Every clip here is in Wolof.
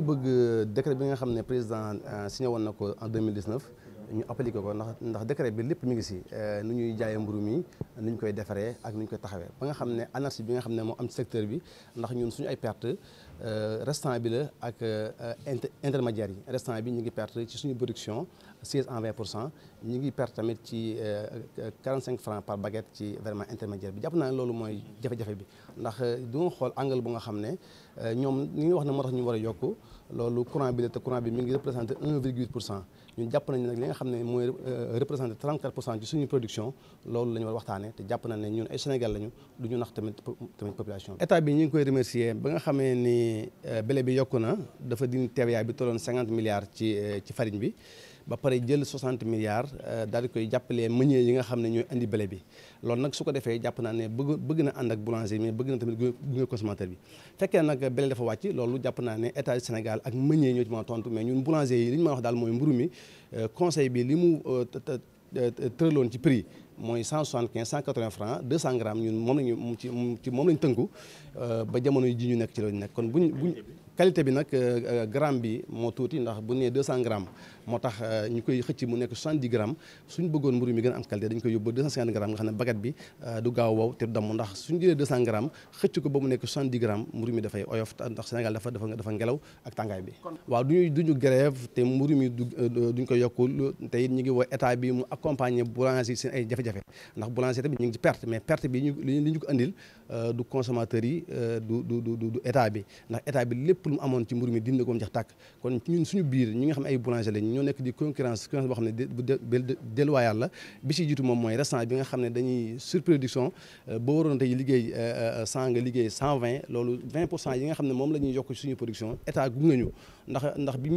ngi bëgg euh, décret bi nga xam ne président euh, signé woon na ko en 2019 ñu appliqué ko ndax ndax décret bi lépp mi ngi si euh, nu ñuy jaayee mburu mi nu ñu koy defaree ak nu ñu koy taxawee ba nga xam ne anarchie bi nga xam ne moom am ci secteur bi ndax ñun suñu ay perte Euh, restant bi la ak euh, intermédiaire yi restant bi ñu ngi perte ci suñu production 16 en 20 pour cent ñu ngi perte tamit ci 45 euh, francs par baguette ci vraiment intermédiaire bi jàpp naa ne loolu mooy jafe-jafe bi ndax du nga xool angle bu nga xam ne ñoom li ngi wax ne moo tax ñu war a yokk loolu courant bi la te courant bi mi ngi représenté 1,8 pour cent ñun jàpp nañu nag li nga xam ne mooy représenté 34 pour cent ci suñu production loolu ñu jàpp nañ ne ñun ay Sénégal lañu nax tamit tamit population bi bi ñu ngi koy remercier ba nga xamee ni ni euh, blé bi yokku na dafa dindi TVA bi tolloon cinquante milliards ci euh, ci bi ba pare jël soixante milliards euh, daal koy jàppalee meunier yi nga xam ne ñooy andi blé bi loolu nag su ko defee jàpp naa ne bëgg na ànd ak boulanger mais bëgg na tamit gunge consommateur bi fekkee nag blé dafa wàcc loolu jàpp naa ne état du Sénégal ak meunier ñoo ci mën a tontu mais ñun boulanger yi li ñu mën a wax daal mooy mburu mi conseil bi li mu Euh, tëraloon ci prix mooy cent soixante quinze cent quatre vingt francs deux cent grammes ñun moom lañu ci ci moom lañu tënku euh, ba jamono ji ñu nekk ci lañu nekk kon bu buñ qualité bi nag euh, gramme bi moo tuuti ndax bu ñu nee deux cent grammes moo tax euh, ñu koy xëcc mu nekk 70 grammes suñ bëggoon mburu mi gën a am qualité dañ koy yóbbu 250 grammes nga xam ne baguette bi euh, du gaaw wow te du damm ndax suñ jëlee 200 grammes xëcc ko ba mu nekk 70 grammes mburu mi dafay oyof ndax Sénégal dafa dafa dafa ngelaw ak tàngaay bi waaw mi euh, du duñ ko yokkul te it ñu ngi woo état bi mu accompagner boulanger seen ay jafe ndax boulanger tamit ñu ngi ci perte mais perte bi ñu lu ñu ko andil du consommateur yi du du du du état bi ndax état bi lépp lu mu amoon ci mburu mi dindi ko mu jax tàkk kon ñun suñu biir ñi nga xam ay boulanger lañ ñoo nekk di concurrence concurrence boo xam ne bu delluwaayaat la bi ci jiitu moom mooy restaurant bi nga xam ne dañuy surproduction euh, boo waroon tey liggéey euh, euh, cent nga liggéey cent vingt loolu vingt pour cent yi nga xam ne moom la ñuy yokk suñu production état gunge ñu ndax ndax bi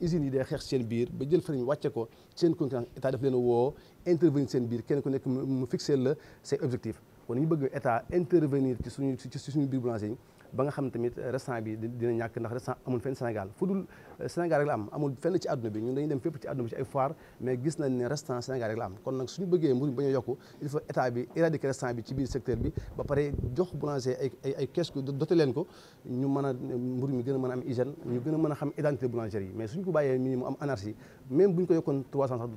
usines yi day xeex seen biir ba jël ñu wàcce ko seen concurrence état daf leen woo intervenir seen biir kenn ku nekk mu fixé la ses objectifs kon ñu bëgg état intervenir ci suñu ci suñu biir boulanger yi ba nga xam tamit restant bi dina ñàkk ndax restant amul fenn Sénégal fu dul euh, Sénégal rek la am amul fenn ci àdduna bi ñun dañuy dem fépp ci àdduna bi ci ay foire mais gis nañ ne restant Sénégal rek la am kon nag suñu bëggee mburu mi bañ a yokku il faut état bi éradiquer restant bi ci biir secteur bi ba pare jox boulanger ay ay ko dote ko ñu mën a mburu mi gën a mën a am hygiène ñu gën a mën a xam identité boulangerie yi mais suñ ko bàyyee mi mu am anarchie même bu ñu ko yokkoon 300 sax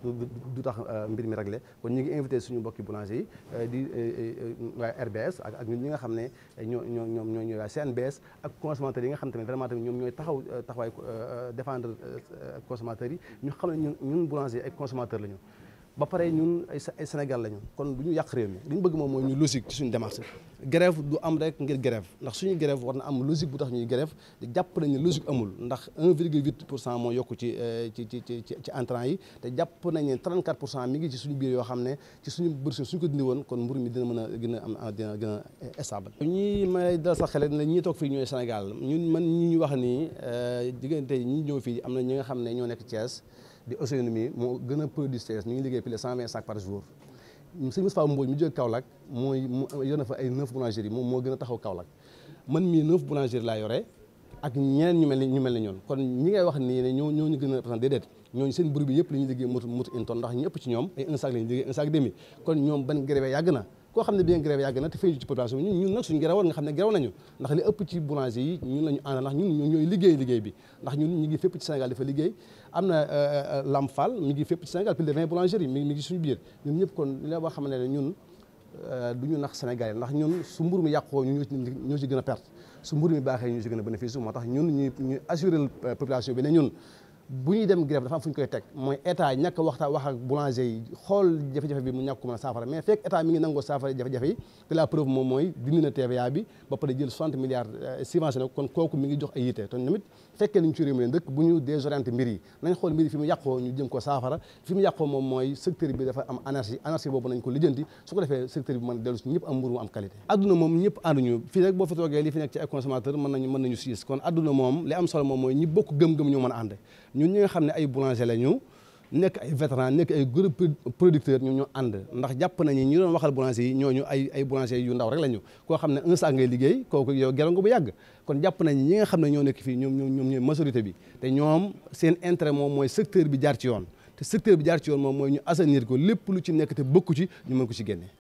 du ñi nga xam ne ñoo ñoo ñoom ANBS ak consommateurs yi nga xam tamit vraiment tamit ñoom ñooy taxaw euh, taxawaay euh, euh, défendre consommateurs yi ñu xam ne ñu ñun boulanger ay consommateurs la ñu ba pare ñun ay ay Sénégal lañu kon bu ñu yàq réew mi li bëgg moom mooy ñu logique ci suñu démarche grève du am rek ngir grève ndax suñu grève war na am logique bu tax ñuy grève jàpp nañ ne amul ndax 1,8 pour cent moo yokku euh, ci ci ci ci ci entrants yi te jàpp nañ ne 34 pour cent mi ngi ci suñu biir yoo xam ne ci suñu bërse suñu ko dindi woon kon mburu mi dina mën a gën a am dina gën a stable ñi may dal sa xele ne ñi toog fii ñooy Sénégal ñun man ñi ñu wax nii euh, diggante ñu ñëw fii am na ñi nga xam ne ñoo nekk Thiès di Ousseynou mi moo gën a produire stress ñu ngi liggéey plus de cent vingt sacs par jour sëñ Moustapha Mbodj mu jóg Kaolack mooy yor na fa ay neuf boulangeries moom moo gën a taxaw Kaolack man mii neuf boulangeries laa yore ak ñeneen ñu mel ni ñu mel ni ñoon kon ñi ngay wax nii ne ñoo ñoo ñu gën a représenté déedéet ñooñu seen buru bi yëpp la ñuy liggéey motu motu une tonne ndax ñëpp ci ñoom ay un sac la liggéey un sac kon ñoom ban grève yàgg na koo xam ne bien grève yàgg na te fay ñu ci population bi ñun ñun nag suñu grève war nga xam ne grève nañu ndax li ëpp ci boulanger yi ñun lañu àndal ndax ñun ñooy ñu ngi fépp ci Sénégal dafa liggéey am na euh, euh, mi ngi mi ngi suñu biir ñëpp kon la boo xam ne ñun euh, ñu nax Sénégal ndax ñun su mbur mi yàqoo ñu ñoo si gën a perte su mbur mi baaxee ñu ci gën a bénéfice moo tax ñun ñuy assurer population bi ne ñun bu ñuy dem grève dafa ñu koy teg mooy état ñàkk waxtaan wax ak boulanger xool jafe-jafe mu ñàkk ko mën a saafara mi ngi nangoo saafara jafe-jafe yi te la preuve moom mooy dindi na TVA bi euh, ngi jox ay yitte ton tamit fekkee liñ ci réew mi leen dëkk bu ñu désorienté mbir yi nañ xool mbir yi fi mu yàqoo ñu jëm ko saafara fi mu yàqoo moom mooy secteur bi dafa am anarchie anarchie boobu nañ ko lijjanti su ko defee secteur bi mën a dellu si ñëpp am mburu mu am qualité adduna moom ñëpp ànduñu fii rek boo fi toogee li fi nekk ci ay consommateur mën nañu mën nañu siis kon adduna moom li am solo moom mooy ñi bokk gëm-gëm ñu mën a ànd ñun ñi nga xam ne ay boulanger la ñu nekk ay vétéran nekk ay groupe producteur ñu ñoo ànd ndax jàpp nañu ñu doon waxal boulanger yi ñooñu ay ay boulanger yu ndaw rek la ñu koo xam ne un sac ngay liggéey kooku yow gero bu yàgg kon jàpp nañu ñi nga xam ne ñoo nekk fii ñoom ñoom ñoom ñooy majorité bi te ñoom seen intérêt moom mooy secteur bi jaar ci yoon te secteur bi jaar ci yoon moom mooy ñu assainir ko lépp lu ci nekk te bëkku ñu mën ko ci génne